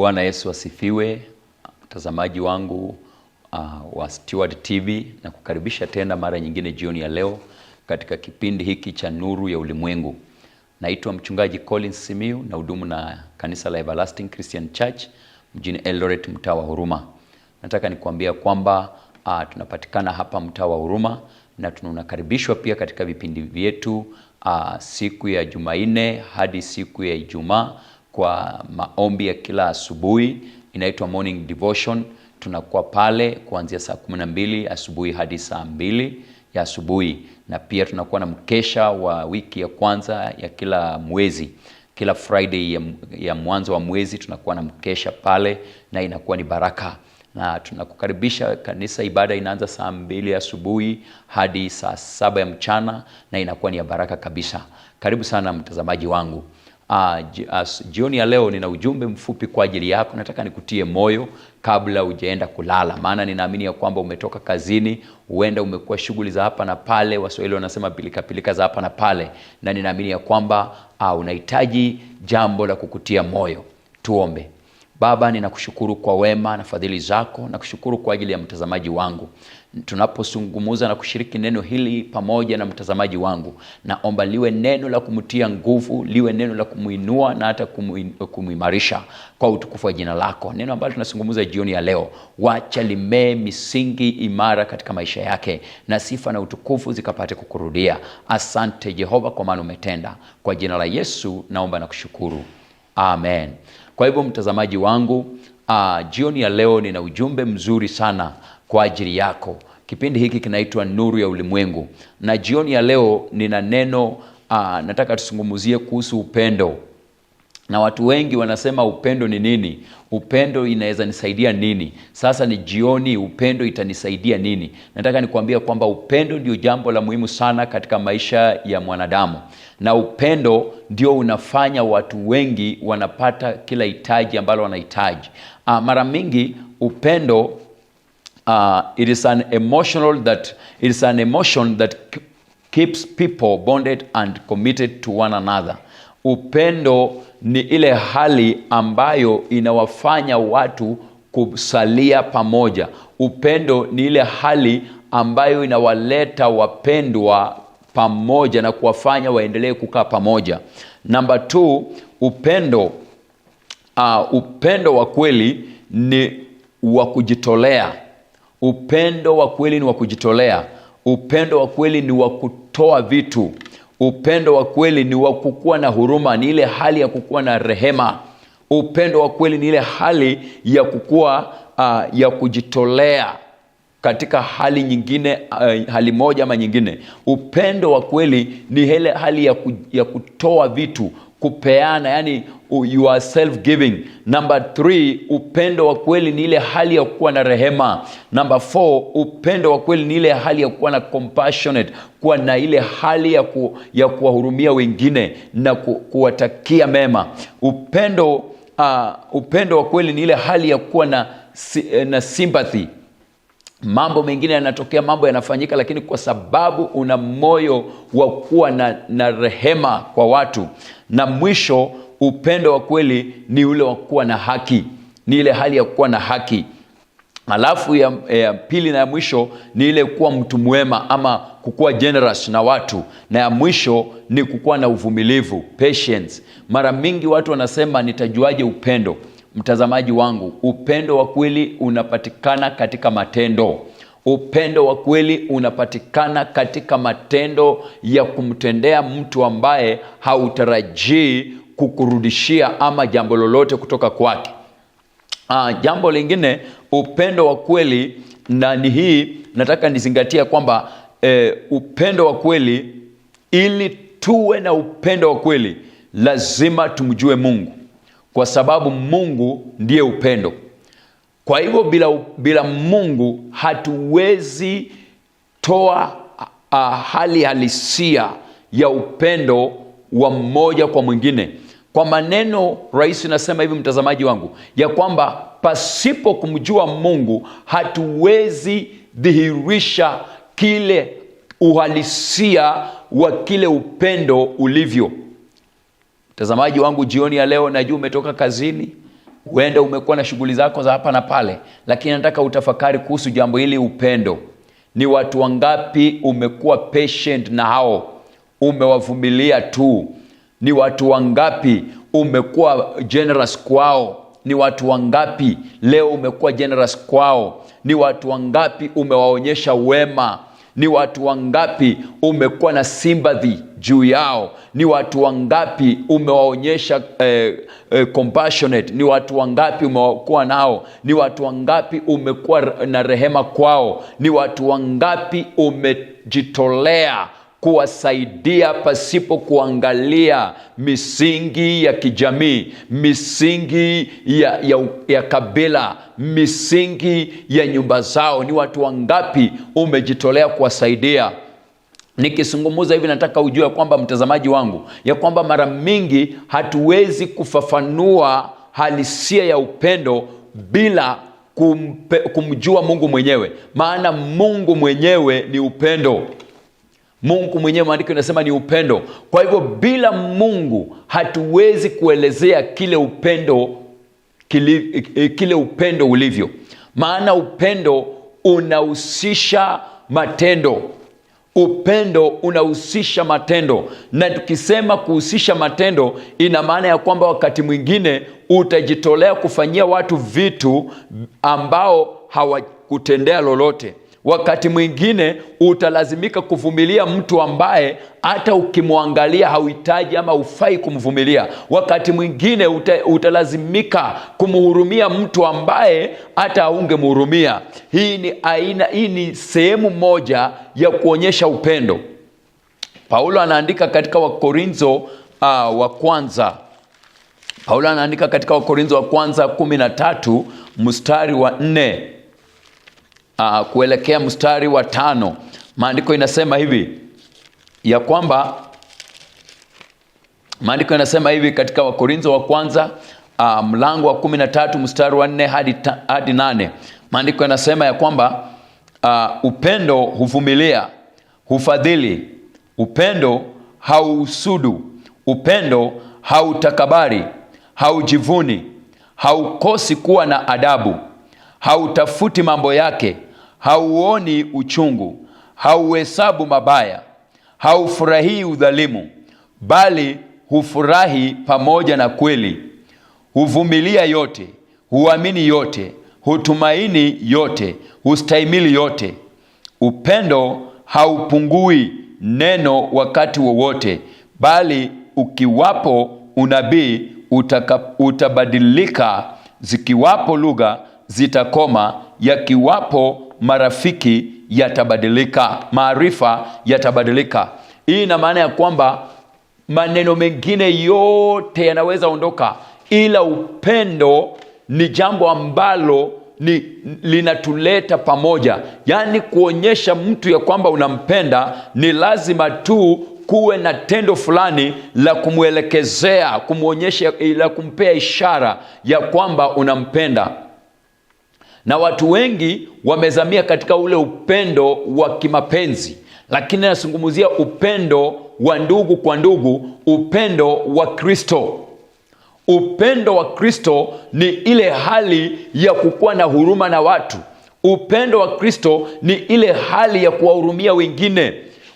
Bwana Yesu asifiwe mtazamaji wangu uh, wa Steward TV na kukaribisha tena mara nyingine jioni ya leo katika kipindi hiki cha Nuru ya Ulimwengu. Naitwa mchungaji Collins Simiu na hudumu na kanisa la Everlasting Christian Church mjini Eldoret, mtaa wa Huruma. Nataka nikuambia kwamba uh, tunapatikana hapa mtaa wa Huruma na tunakaribishwa pia katika vipindi vyetu uh, siku ya Jumanne hadi siku ya Ijumaa kwa maombi ya kila asubuhi, inaitwa morning devotion. Tunakuwa pale kuanzia saa kumi na mbili asubuhi hadi saa mbili ya asubuhi, na pia tunakuwa na mkesha wa wiki ya kwanza ya kila mwezi. Kila Friday ya, ya mwanzo wa mwezi tunakuwa na mkesha pale, na inakuwa ni baraka na tunakukaribisha kanisa. Ibada inaanza saa mbili asubuhi hadi saa saba ya mchana na inakuwa ni ya baraka kabisa. Karibu sana mtazamaji wangu uh, jioni ya leo nina ujumbe mfupi kwa ajili yako. Nataka nikutie moyo kabla ujaenda kulala, maana ninaamini ya kwamba umetoka kazini, huenda umekuwa shughuli za hapa na pale, Waswahili wanasema pilikapilika za hapa na pale, na ninaamini ya kwamba uh, unahitaji jambo la kukutia moyo. Tuombe. Baba, ninakushukuru kwa wema na fadhili zako, nakushukuru kwa ajili ya mtazamaji wangu tunaposungumuza na kushiriki neno hili pamoja na mtazamaji wangu, naomba liwe neno la kumtia nguvu, liwe neno la kumuinua na hata kumuimarisha kwa utukufu wa jina lako. Neno ambalo tunazungumza jioni ya leo, wacha limee misingi imara katika maisha yake, na sifa na utukufu zikapate kukurudia. Asante Jehova, kwa maana umetenda. Kwa jina la Yesu naomba na kushukuru, amen. Kwa hivyo mtazamaji wangu, uh, jioni ya leo nina ujumbe mzuri sana kwa ajili yako. Kipindi hiki kinaitwa Nuru ya Ulimwengu, na jioni ya leo nina neno aa, ah, nataka tusungumuzie kuhusu upendo. Na watu wengi wanasema upendo ni nini? Upendo inaweza nisaidia nini? Sasa ni jioni, upendo itanisaidia nini? Nataka nikuambia kwamba upendo ndio jambo la muhimu sana katika maisha ya mwanadamu, na upendo ndio unafanya watu wengi wanapata kila hitaji ambalo wanahitaji. Ah, mara mingi upendo uh, it is an emotional that it is an emotion that keeps people bonded and committed to one another upendo ni ile hali ambayo inawafanya watu kusalia pamoja upendo ni ile hali ambayo inawaleta wapendwa pamoja na kuwafanya waendelee kukaa pamoja namba t upendo uh, upendo wa kweli ni wa kujitolea upendo wa kweli ni wa kujitolea upendo wa kweli ni wa kutoa vitu upendo wa kweli ni wa kukuwa na huruma ni ile hali ya kukuwa na rehema upendo wa kweli ni ile hali ya kukuwa uh, ah, ya kujitolea katika hali nyingine uh, hali moja ama nyingine upendo wa kweli ni ile hali ya, ku, ya kutoa vitu kupeana yani you are self giving namba 3 upendo wa kweli ni ile hali ya kuwa na rehema namba 4 upendo wa kweli ni ile hali ya kuwa na compassionate kuwa na ile hali ya, ku, ya kuwahurumia wengine na ku, kuwatakia mema upendo uh, upendo wa kweli ni ile hali ya kuwa na, eh, na sympathy mambo mengine yanatokea, mambo yanafanyika, lakini kwa sababu una moyo wa kuwa na, na rehema kwa watu. Na mwisho, upendo wa kweli ni ule wa kuwa na haki, ni ile hali ya kuwa na haki. Alafu ya, ya pili na ya mwisho ni ile kuwa mtu mwema ama kukuwa generous na watu, na ya mwisho ni kukuwa na uvumilivu, patience. Mara mingi watu wanasema nitajuaje upendo? mtazamaji wangu, upendo wa kweli unapatikana katika matendo. Upendo wa kweli unapatikana katika matendo ya kumtendea mtu ambaye hautarajii kukurudishia ama jambo lolote kutoka kwake. Ah, jambo lingine, upendo wa kweli na ni hii nataka nizingatia kwamba e, upendo wa kweli, ili tuwe na upendo wa kweli lazima tumjue Mungu kwa sababu Mungu ndiye upendo. Kwa hivyo bila, bila Mungu hatuwezi toa hali halisia ya upendo wa mmoja kwa mwingine. Kwa maneno rahisi nasema hivi, mtazamaji wangu, ya kwamba pasipo kumjua Mungu hatuwezi dhihirisha kile uhalisia wa kile upendo ulivyo. Mtazamaji wangu jioni ya leo, najua umetoka kazini, huenda umekuwa na shughuli zako za hapa na pale, lakini nataka utafakari kuhusu jambo hili, upendo. Ni watu wangapi umekuwa patient na hao, umewavumilia tu? Ni watu wangapi umekuwa generous kwao? Ni watu wangapi leo umekuwa generous kwao? Ni watu wangapi umewaonyesha wema? Ni watu wangapi umekuwa na simbathi juu yao? Ni watu wangapi umewaonyesha eh, eh, compassionate? Ni watu wangapi umekuwa nao? Ni watu wangapi umekuwa na rehema kwao? Ni watu wangapi umejitolea kuwasaidia pasipo kuangalia misingi ya kijamii, misingi ya, ya, ya kabila, misingi ya nyumba zao. Ni watu wangapi umejitolea kuwasaidia? Nikizungumza hivi nataka ujue kwamba mtazamaji wangu, ya kwamba mara mingi hatuwezi kufafanua halisia ya upendo bila kumpe, kumjua Mungu mwenyewe, maana Mungu mwenyewe ni upendo. Mungu mwenyewe maandiko inasema ni upendo. Kwa hivyo bila Mungu hatuwezi kuelezea kile upendo kile, eh, kile upendo ulivyo, maana upendo unahusisha matendo. Upendo unahusisha matendo, na tukisema kuhusisha matendo, ina maana ya kwamba wakati mwingine utajitolea kufanyia watu vitu ambao hawakutendea lolote. Wakati mwingine utalazimika kuvumilia mtu ambaye hata ukimwangalia hauhitaji ama ufai kumvumilia. Wakati mwingine uta, utalazimika kumhurumia mtu ambaye hata haungemhurumia. Hii ni aina, hii ni sehemu moja ya kuonyesha upendo. Paulo anaandika katika Wakorinzo uh, ah, wa kwanza Paulo anaandika katika Wakorinzo wa kwanza kumi na tatu mstari wa nne uh, kuelekea mstari wa tano maandiko inasema hivi ya kwamba maandiko inasema hivi katika wakorintho wa kwanza uh, mlango wa kumi na tatu mstari wa nne hadi, hadi nane maandiko yanasema ya kwamba uh, upendo huvumilia hufadhili upendo hausudu upendo hautakabari haujivuni haukosi kuwa na adabu hautafuti mambo yake hauoni uchungu, hauhesabu mabaya, haufurahii udhalimu, bali hufurahi pamoja na kweli, huvumilia yote, huamini yote, hutumaini yote, hustahimili yote. Upendo haupungui neno wakati wowote, bali ukiwapo unabii utabadilika, zikiwapo lugha zitakoma, yakiwapo marafiki yatabadilika, maarifa yatabadilika. Hii ina maana ya kwamba maneno mengine yote yanaweza ondoka, ila upendo ni jambo ambalo ni linatuleta pamoja. Yaani, kuonyesha mtu ya kwamba unampenda ni lazima tu kuwe na tendo fulani la kumwelekezea, kumwonyesha, la kumpea ishara ya kwamba unampenda na watu wengi wamezamia katika ule upendo wa kimapenzi, lakini anazungumzia upendo wa ndugu kwa ndugu, upendo wa Kristo. Upendo wa Kristo ni ile hali ya kukuwa na huruma na watu. Upendo wa Kristo ni ile hali ya kuwahurumia wengine.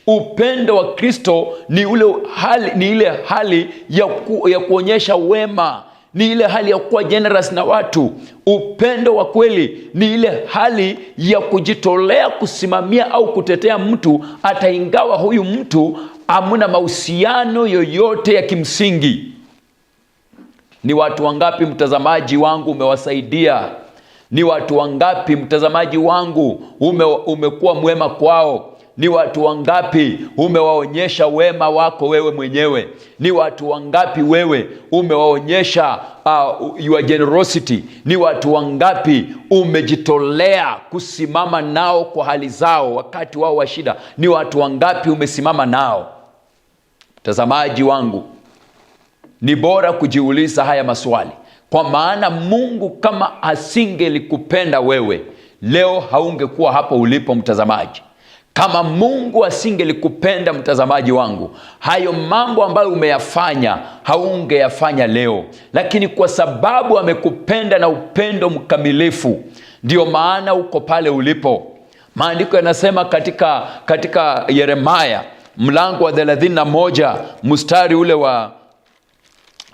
Upendo wa Kristo ni, ule hali, ni ile hali ya, ku, ya kuonyesha wema ni ile hali ya kuwa generous na watu. Upendo wa kweli ni ile hali ya kujitolea kusimamia au kutetea mtu, hata ingawa huyu mtu amuna mahusiano yoyote ya kimsingi. Ni watu wangapi, mtazamaji wangu, umewasaidia? Ni watu wangapi, mtazamaji wangu, ume, umekuwa mwema kwao? Ni watu wangapi umewaonyesha wema wako wewe mwenyewe? Ni watu wangapi wewe umewaonyesha uh, your generosity? Ni watu wangapi umejitolea kusimama nao kwa hali zao wakati wao wa shida? Ni watu wangapi umesimama nao? Mtazamaji wangu, ni bora kujiuliza haya maswali, kwa maana Mungu kama asingelikupenda wewe, leo haungekuwa hapo ulipo, mtazamaji. Kama Mungu asingelikupenda mtazamaji wangu, hayo mambo ambayo umeyafanya haungeyafanya leo, lakini kwa sababu amekupenda na upendo mkamilifu, ndiyo maana uko pale ulipo. Maandiko yanasema katika, katika Yeremaya mlango wa 31 mstari ule wa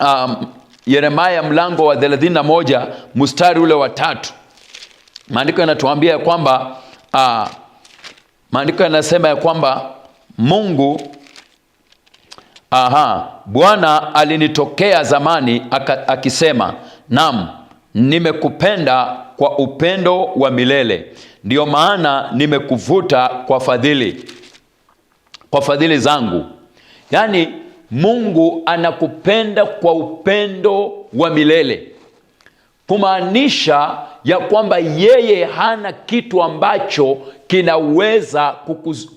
um, Yeremaya mlango wa 31 mstari ule wa tatu, maandiko yanatuambia ya kwamba uh, maandiko yanasema ya kwamba Mungu aha, Bwana alinitokea zamani akisema, naam, nimekupenda kwa upendo wa milele, ndiyo maana nimekuvuta kwa fadhili, kwa fadhili zangu. Yaani Mungu anakupenda kwa upendo wa milele kumaanisha ya kwamba yeye hana kitu ambacho kinaweza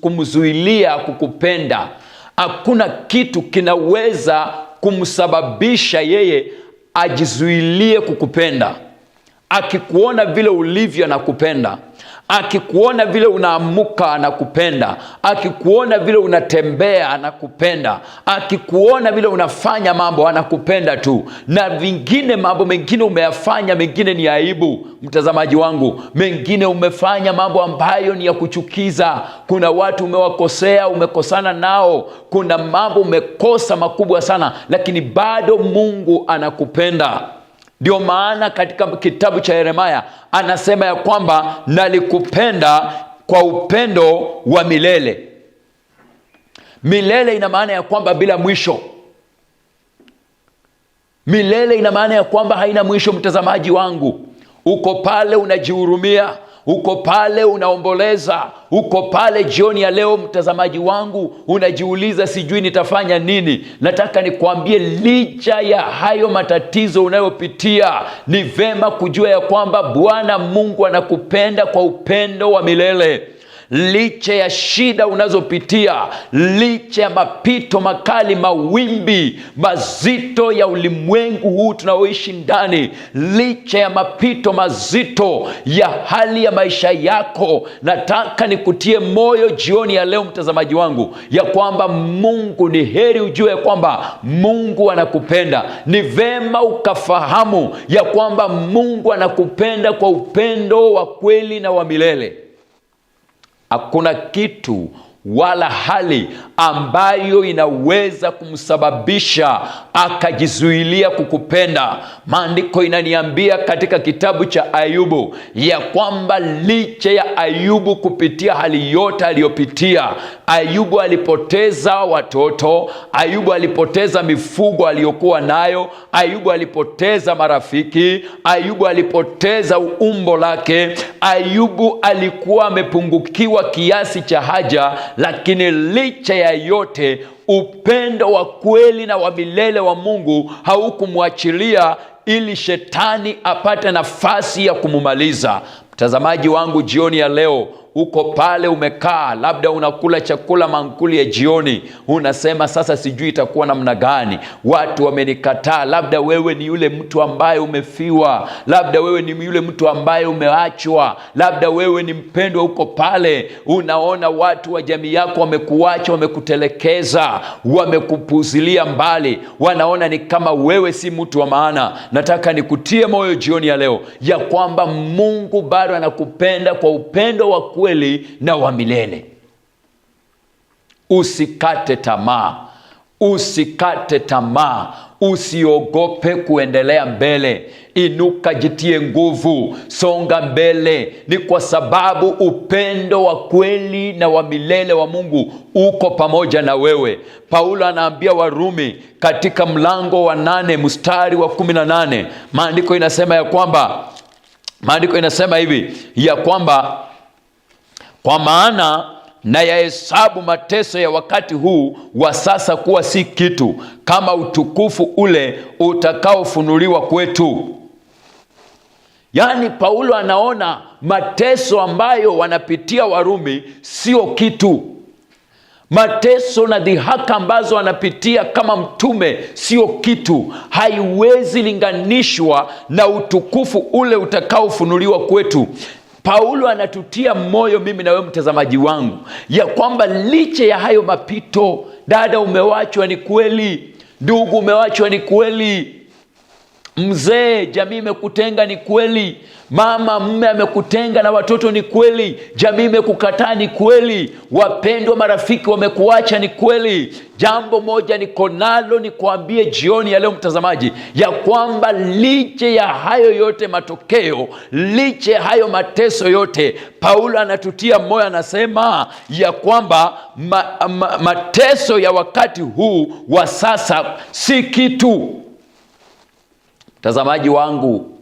kumzuilia kukupenda. Hakuna kitu kinaweza kumsababisha yeye ajizuilie kukupenda. Akikuona vile ulivyo, kupenda akikuona vile unaamuka anakupenda, akikuona vile unatembea anakupenda, akikuona vile unafanya mambo anakupenda tu, na vingine mambo mengine umeyafanya, mengine ni aibu, mtazamaji wangu, mengine umefanya mambo ambayo ni ya kuchukiza. Kuna watu umewakosea, umekosana nao, kuna mambo umekosa makubwa sana, lakini bado Mungu anakupenda. Ndio maana katika kitabu cha Yeremia anasema ya kwamba nalikupenda kwa upendo wa milele. Milele ina maana ya kwamba bila mwisho. Milele ina maana ya kwamba haina mwisho. Mtazamaji wangu, uko pale unajihurumia, uko pale unaomboleza, uko pale jioni ya leo, mtazamaji wangu, unajiuliza sijui nitafanya nini. Nataka nikuambie, licha ya hayo matatizo unayopitia, ni vema kujua ya kwamba Bwana Mungu anakupenda kwa upendo wa milele licha ya shida unazopitia, licha ya mapito makali, mawimbi mazito ya ulimwengu huu tunaoishi ndani, licha ya mapito mazito ya hali ya maisha yako, nataka nikutie moyo jioni ya leo, mtazamaji wangu, ya kwamba Mungu ni heri ujue ya kwamba Mungu anakupenda. Ni vema ukafahamu ya kwamba Mungu anakupenda kwa upendo wa kweli na wa milele. Hakuna kitu wala hali ambayo inaweza kumsababisha akajizuilia kukupenda. Maandiko inaniambia katika kitabu cha Ayubu ya kwamba licha ya Ayubu kupitia hali yote aliyopitia, Ayubu alipoteza watoto, Ayubu alipoteza mifugo aliyokuwa nayo, Ayubu alipoteza marafiki, Ayubu alipoteza umbo lake, Ayubu alikuwa amepungukiwa kiasi cha haja, lakini licha ya yote upendo wa kweli na wa milele wa Mungu haukumwachilia ili shetani apate nafasi ya kumumaliza. Mtazamaji wangu jioni ya leo uko pale umekaa, labda unakula chakula mankuli ya jioni, unasema sasa sijui itakuwa namna gani, watu wamenikataa. Labda wewe ni yule mtu ambaye umefiwa, labda wewe ni yule mtu ambaye umeachwa, labda wewe ni mpendwa, uko pale unaona watu wa jamii yako wamekuacha, wamekutelekeza, wamekupuzilia mbali, wanaona ni kama wewe si mtu wa maana. Nataka nikutie moyo jioni ya leo ya kwamba Mungu bado anakupenda kwa upendo wa kweli na wa milele. Usikate tamaa, usikate tamaa, usiogope kuendelea mbele. Inuka, jitie nguvu, songa mbele. Ni kwa sababu upendo wa kweli na wa milele wa Mungu uko pamoja na wewe. Paulo anaambia Warumi katika mlango wa nane mstari wa kumi na nane maandiko inasema ya kwamba maandiko inasema hivi ya kwamba kwa maana na yahesabu mateso ya wakati huu wa sasa kuwa si kitu, kama utukufu ule utakaofunuliwa kwetu. Yaani, Paulo anaona mateso ambayo wanapitia Warumi sio kitu. Mateso na dhihaka ambazo wanapitia kama mtume sio kitu, haiwezi linganishwa na utukufu ule utakaofunuliwa kwetu. Paulo anatutia moyo mimi na wewe mtazamaji wangu, ya kwamba licha ya hayo mapito, dada umewachwa ni kweli, ndugu umewachwa ni kweli, Mzee, jamii imekutenga ni kweli. Mama, mme amekutenga na watoto ni kweli. Jamii imekukataa ni kweli. Wapendwa, marafiki wamekuacha ni kweli. Jambo moja niko nalo nikuambie jioni ya leo, mtazamaji, ya kwamba liche ya hayo yote matokeo, liche ya hayo mateso yote, Paulo anatutia moyo, anasema ya kwamba ma, ma, mateso ya wakati huu wa sasa si kitu Mtazamaji wangu,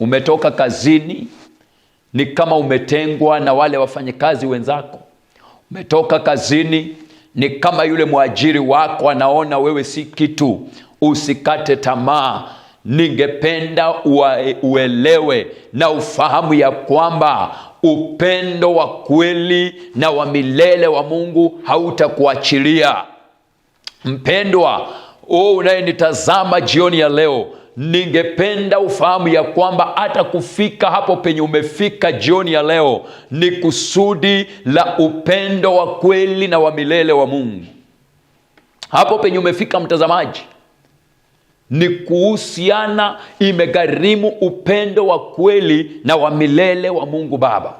umetoka kazini, ni kama umetengwa na wale wafanyakazi wenzako. Umetoka kazini, ni kama yule mwajiri wako anaona wewe si kitu. Usikate tamaa. Ningependa uelewe na ufahamu ya kwamba upendo wa kweli na wa milele wa Mungu hautakuachilia mpendwa. Oh, unayenitazama jioni ya leo, ningependa ufahamu ya kwamba hata kufika hapo penye umefika jioni ya leo ni kusudi la upendo wa kweli na wa milele wa Mungu. Hapo penye umefika mtazamaji, ni kuhusiana, imegharimu upendo wa kweli na wa milele wa Mungu Baba.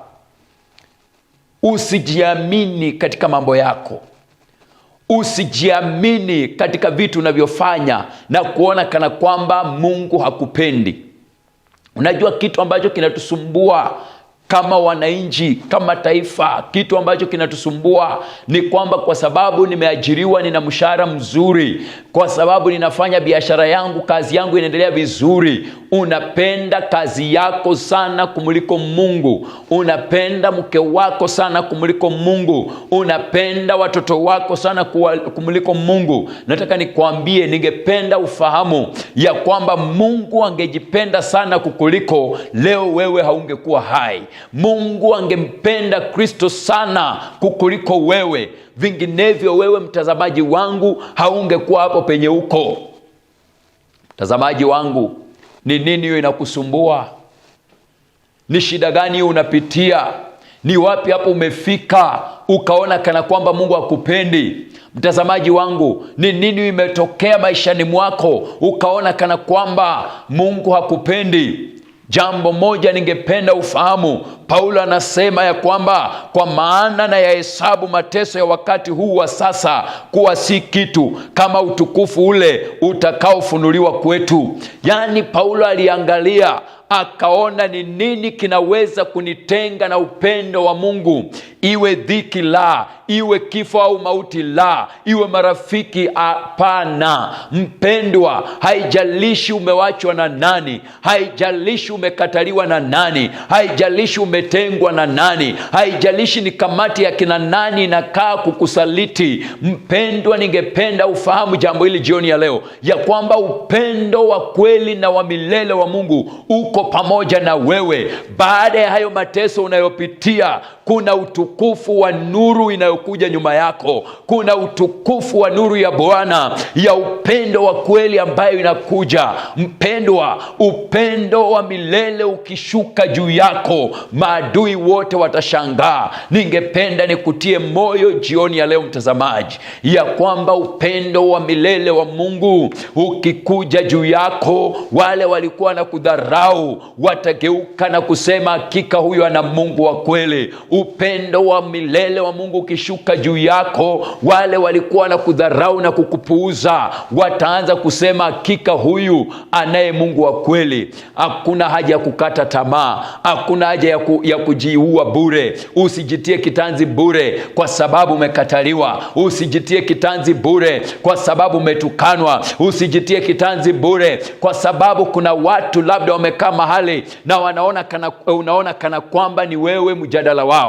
Usijiamini katika mambo yako. Usijiamini katika vitu unavyofanya na kuona kana kwamba Mungu hakupendi. Unajua kitu ambacho kinatusumbua kama wananchi, kama taifa, kitu ambacho kinatusumbua ni kwamba kwa sababu nimeajiriwa, nina mshahara mzuri, kwa sababu ninafanya biashara yangu, kazi yangu inaendelea vizuri, unapenda kazi yako sana kumuliko Mungu, unapenda mke wako sana kumuliko Mungu, unapenda watoto wako sana kumuliko Mungu. Nataka nikwambie, ningependa ufahamu ya kwamba Mungu angejipenda sana kukuliko leo, wewe haungekuwa hai. Mungu angempenda Kristo sana kukuliko wewe, vinginevyo wewe mtazamaji wangu haungekuwa hapo penye uko. Mtazamaji wangu ni nini hiyo inakusumbua? Ni shida gani hiyo unapitia? Ni wapi hapo umefika ukaona kana kwamba Mungu hakupendi? Mtazamaji wangu, ni nini imetokea maishani mwako ukaona kana kwamba Mungu hakupendi? Jambo moja ningependa ufahamu Paulo anasema ya kwamba kwa maana na yahesabu mateso ya wakati huu wa sasa kuwa si kitu kama utukufu ule utakaofunuliwa kwetu. Yaani Paulo aliangalia akaona ni nini kinaweza kunitenga na upendo wa Mungu, iwe dhiki la, iwe kifo au mauti la, iwe marafiki hapana. Mpendwa, haijalishi umewachwa na nani, haijalishi umekataliwa na nani, haijalishi ume umetengwa na nani. Haijalishi ni kamati ya kina nani inakaa kukusaliti. Mpendwa, ningependa ufahamu jambo hili jioni ya leo, ya kwamba upendo wa kweli na wa milele wa Mungu uko pamoja na wewe. Baada ya hayo mateso unayopitia kuna utukufu wa nuru inayokuja nyuma yako. Kuna utukufu wa nuru ya Bwana ya upendo wa kweli ambayo inakuja. Mpendwa, upendo wa milele ukishuka juu yako, maadui wote watashangaa. Ningependa nikutie moyo jioni ya leo, mtazamaji, ya kwamba upendo wa milele wa Mungu ukikuja juu yako, wale walikuwa na kudharau watageuka na kusema, hakika huyu ana Mungu wa kweli upendo wa milele wa Mungu ukishuka juu yako, wale walikuwa na kudharau na kukupuuza wataanza kusema, hakika huyu anaye Mungu wa kweli. Hakuna haja ya kukata tamaa, hakuna haja ya, ku, ya kujiua bure. Usijitie kitanzi bure kwa sababu umekataliwa, usijitie kitanzi bure kwa sababu umetukanwa, usijitie kitanzi bure kwa sababu kuna watu labda wamekaa mahali na wanaona kana, unaona kana kwamba ni wewe mjadala wao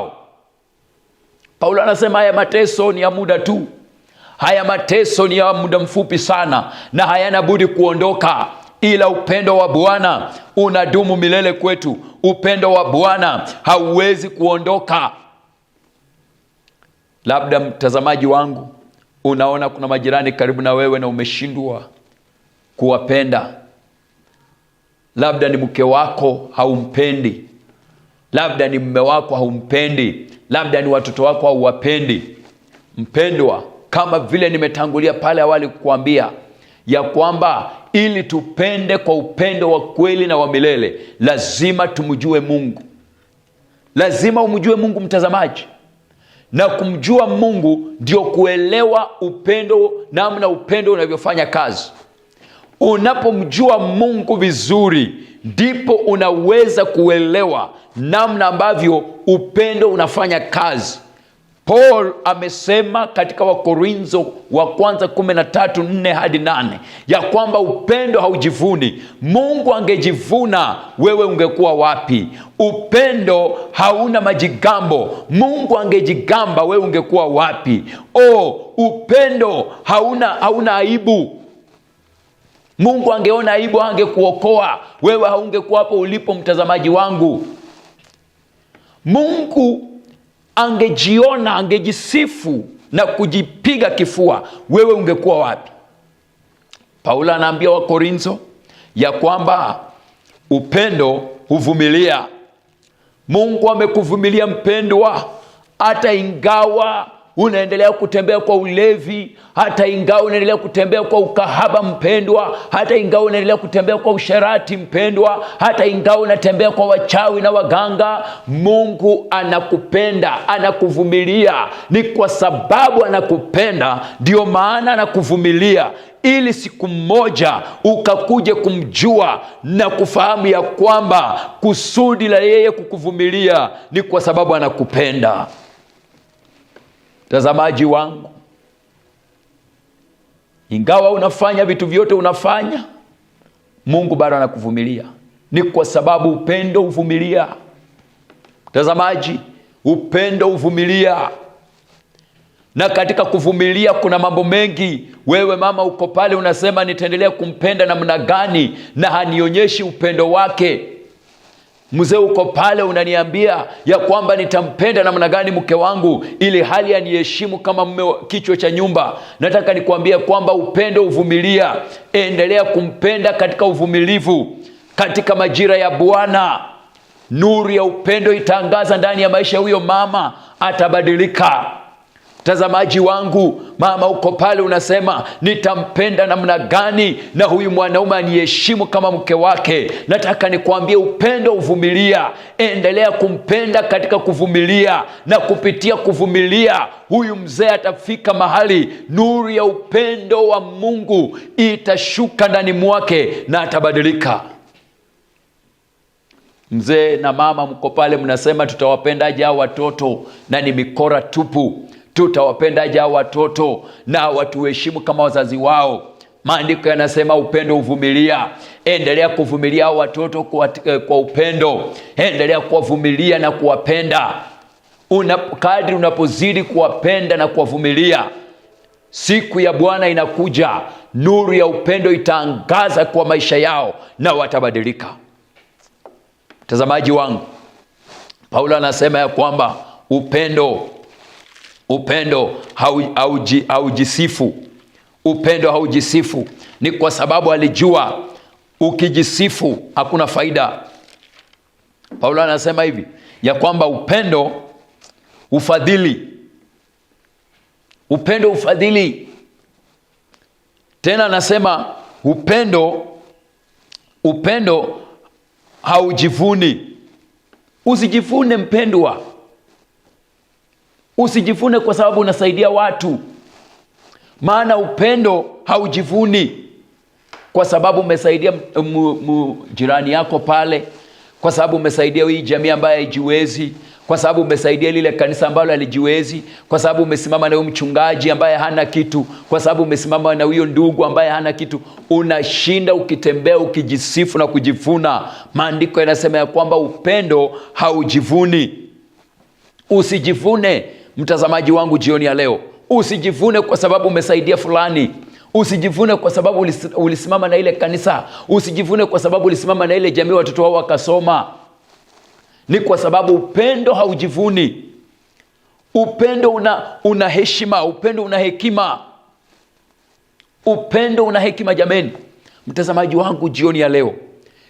Paulo anasema haya mateso ni ya muda tu, haya mateso ni ya muda mfupi sana, na hayana budi kuondoka, ila upendo wa Bwana unadumu milele kwetu. Upendo wa Bwana hauwezi kuondoka. Labda mtazamaji wangu, unaona kuna majirani karibu na wewe na umeshindwa kuwapenda, labda ni mke wako haumpendi labda ni mme wako haumpendi labda ni watoto wako hauwapendi mpendwa kama vile nimetangulia pale awali kukuambia ya kwamba ili tupende kwa upendo wa kweli na wa milele lazima tumjue mungu lazima umjue mungu mtazamaji na kumjua mungu ndio kuelewa upendo namna upendo unavyofanya kazi unapomjua mungu vizuri ndipo unaweza kuelewa namna ambavyo upendo unafanya kazi. Paul amesema katika wakorinzo wa kwanza 13 4 hadi 8 ya kwamba upendo haujivuni. Mungu angejivuna, wewe ungekuwa wapi? Upendo hauna majigambo. Mungu angejigamba, wewe ungekuwa wapi? O, oh, upendo hauna, hauna aibu Mungu angeona aibu, angekuokoa wewe, haungekuwa hapo ulipo, mtazamaji wangu. Mungu angejiona, angejisifu na kujipiga kifua, wewe ungekuwa wapi? Paulo anaambia Wakorintho ya kwamba upendo huvumilia. Mungu amekuvumilia mpendwa, hata ingawa unaendelea kutembea kwa ulevi, hata ingawa unaendelea kutembea kwa ukahaba mpendwa, hata ingawa unaendelea kutembea kwa usherati mpendwa, hata ingawa unatembea kwa wachawi na waganga, Mungu anakupenda, anakuvumilia. Ni kwa sababu anakupenda ndiyo maana anakuvumilia ili siku moja ukakuje kumjua na kufahamu ya kwamba kusudi la yeye kukuvumilia ni kwa sababu anakupenda mtazamaji wangu, ingawa unafanya vitu vyote unafanya, Mungu bado anakuvumilia. Ni kwa sababu upendo huvumilia. Mtazamaji, upendo huvumilia, na katika kuvumilia kuna mambo mengi. Wewe mama uko pale unasema, nitaendelea kumpenda namna gani na hanionyeshi upendo wake? Mzee uko pale unaniambia ya kwamba nitampenda namna gani mke wangu ili hali aniheshimu kama mume kichwa cha nyumba. Nataka nikuambia kwamba upendo uvumilia, endelea kumpenda katika uvumilivu. Katika majira ya Bwana nuru ya upendo itaangaza ndani ya maisha, huyo mama atabadilika. Mtazamaji wangu, mama uko pale, unasema nitampenda namna gani na huyu mwanaume aniheshimu kama mke wake? Nataka nikuambie, upendo uvumilia Endelea kumpenda katika kuvumilia, na kupitia kuvumilia huyu mzee atafika mahali nuru ya upendo wa Mungu itashuka ndani mwake na atabadilika. Mzee na mama mko pale, mnasema tutawapendaje hao watoto? Na ni mikora tupu tutawapendaje hao watoto na watuheshimu kama wazazi wao maandiko yanasema upendo huvumilia endelea kuvumilia hao watoto kwa, eh, kwa upendo endelea kuwavumilia na kuwapenda Una, kadri unapozidi kuwapenda na kuwavumilia siku ya bwana inakuja nuru ya upendo itaangaza kwa maisha yao na watabadilika mtazamaji wangu paulo anasema ya kwamba upendo Upendo haujisifu hau, hau, upendo haujisifu. Ni kwa sababu alijua ukijisifu hakuna faida. Paulo anasema hivi ya kwamba upendo ufadhili, upendo ufadhili. Tena anasema upendo, upendo haujivuni. Usijivune mpendwa usijivune kwa sababu unasaidia watu maana upendo haujivuni kwa sababu umesaidia jirani yako pale kwa sababu umesaidia hii jamii ambayo haijiwezi kwa sababu umesaidia lile kanisa ambalo alijiwezi kwa sababu umesimama na huyo mchungaji ambaye hana kitu kwa sababu umesimama na huyo ndugu ambaye hana kitu unashinda ukitembea ukijisifu na kujivuna maandiko yanasema ya kwamba upendo haujivuni usijivune mtazamaji wangu jioni ya leo usijivune kwa sababu umesaidia fulani usijivune kwa sababu ulisimama na ile kanisa usijivune kwa sababu ulisimama na ile jamii watoto wao wakasoma ni kwa sababu upendo haujivuni upendo una, una heshima upendo una hekima upendo una hekima jameni mtazamaji wangu jioni ya leo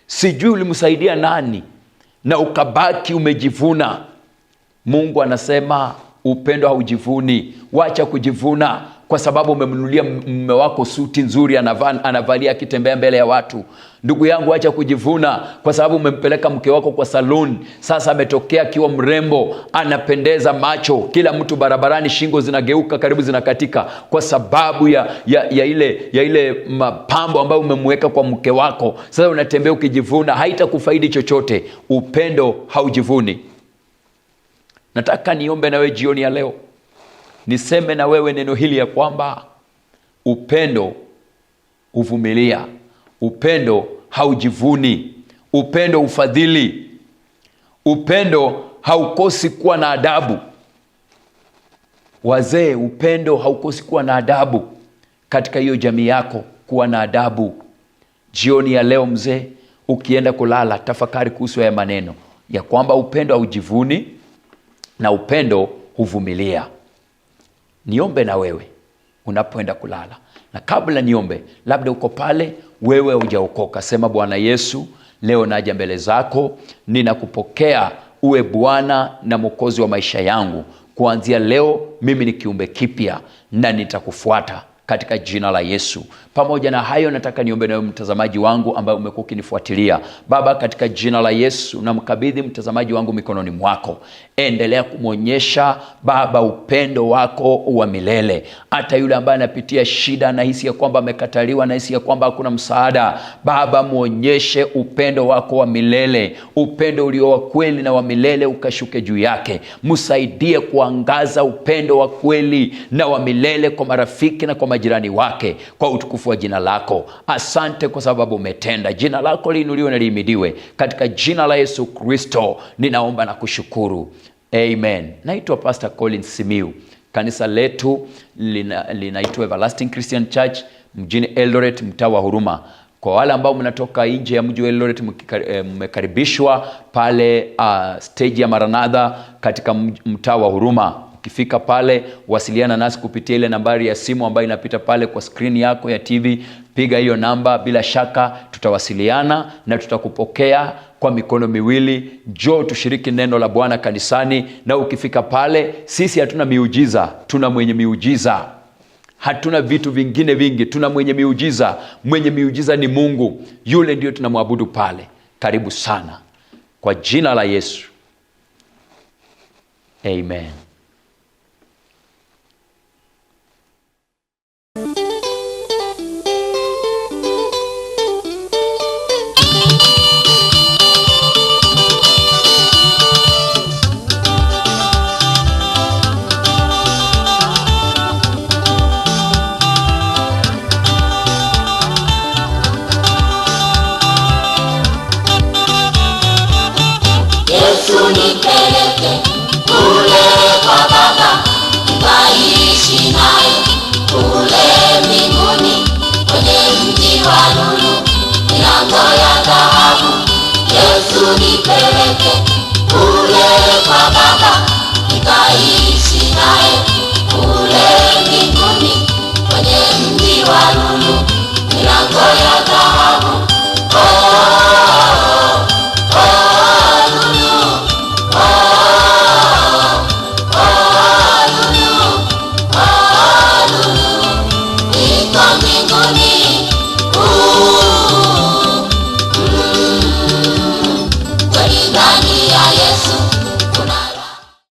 sijui ulimsaidia nani na ukabaki umejivuna mungu anasema upendo haujivuni wacha kujivuna kwa sababu umemnunulia mume wako suti nzuri anavalia akitembea mbele ya watu ndugu yangu acha kujivuna kwa sababu umempeleka mke wako kwa saluni sasa ametokea akiwa mrembo anapendeza macho kila mtu barabarani shingo zinageuka karibu zinakatika kwa sababu ya, ya, ya ile ya ile mapambo ambayo umemweka kwa mke wako sasa unatembea ukijivuna haitakufaidi chochote upendo haujivuni Nataka niombe na wewe jioni ya leo, niseme na wewe neno hili ya kwamba upendo huvumilia, upendo haujivuni, upendo ufadhili, upendo haukosi kuwa na adabu. Wazee, upendo haukosi kuwa na adabu katika hiyo jamii yako, kuwa na adabu. Jioni ya leo mzee, ukienda kulala, tafakari kuhusu haya maneno ya kwamba upendo haujivuni na upendo huvumilia. Niombe na wewe unapoenda kulala, na kabla niombe, labda uko pale wewe hujaokoka, sema Bwana Yesu, leo naja mbele zako, ninakupokea uwe Bwana na Mwokozi wa maisha yangu. Kuanzia leo mimi ni kiumbe kipya na nitakufuata katika jina la Yesu. Pamoja na hayo, nataka niombe nayo mtazamaji wangu ambaye umekuwa ukinifuatilia. Baba, katika jina la Yesu namkabidhi mtazamaji wangu mikononi mwako. Endelea kumwonyesha Baba upendo wako wa milele, hata yule ambaye anapitia shida, anahisi ya kwamba amekataliwa, anahisi ya kwamba hakuna msaada. Baba, mwonyeshe upendo wako wa milele, upendo ulio wa kweli na wa milele ukashuke juu yake. Msaidie kuangaza upendo wa kweli na wa milele kwa marafiki na kwa majirani wake kwa utukufu wa jina lako. Asante kwa sababu umetenda. Jina lako liinuliwe na lihimidiwe, katika jina la Yesu Kristo ninaomba na kushukuru, amen. Naitwa Pastor Colin Simiu. Kanisa letu linaitwa lina Everlasting Christian Church mjini Eldoret, mtaa wa Huruma. Kwa wale ambao mnatoka nje ya mji wa Eldoret, eh, mmekaribishwa pale uh, stage ya Maranatha katika mtaa wa Huruma. Ukifika pale, wasiliana nasi kupitia ile nambari ya simu ambayo inapita pale kwa skrini yako ya TV. Piga hiyo namba, bila shaka tutawasiliana na tutakupokea kwa mikono miwili. jo tushiriki neno la Bwana kanisani, na ukifika pale, sisi hatuna miujiza, tuna mwenye miujiza hatuna vitu vingine vingi, tuna mwenye miujiza. Mwenye miujiza ni Mungu, yule ndio tunamwabudu pale. Karibu sana kwa jina la Yesu, amen. wa lulu, milango ya dhahabu, Yesu nipeleke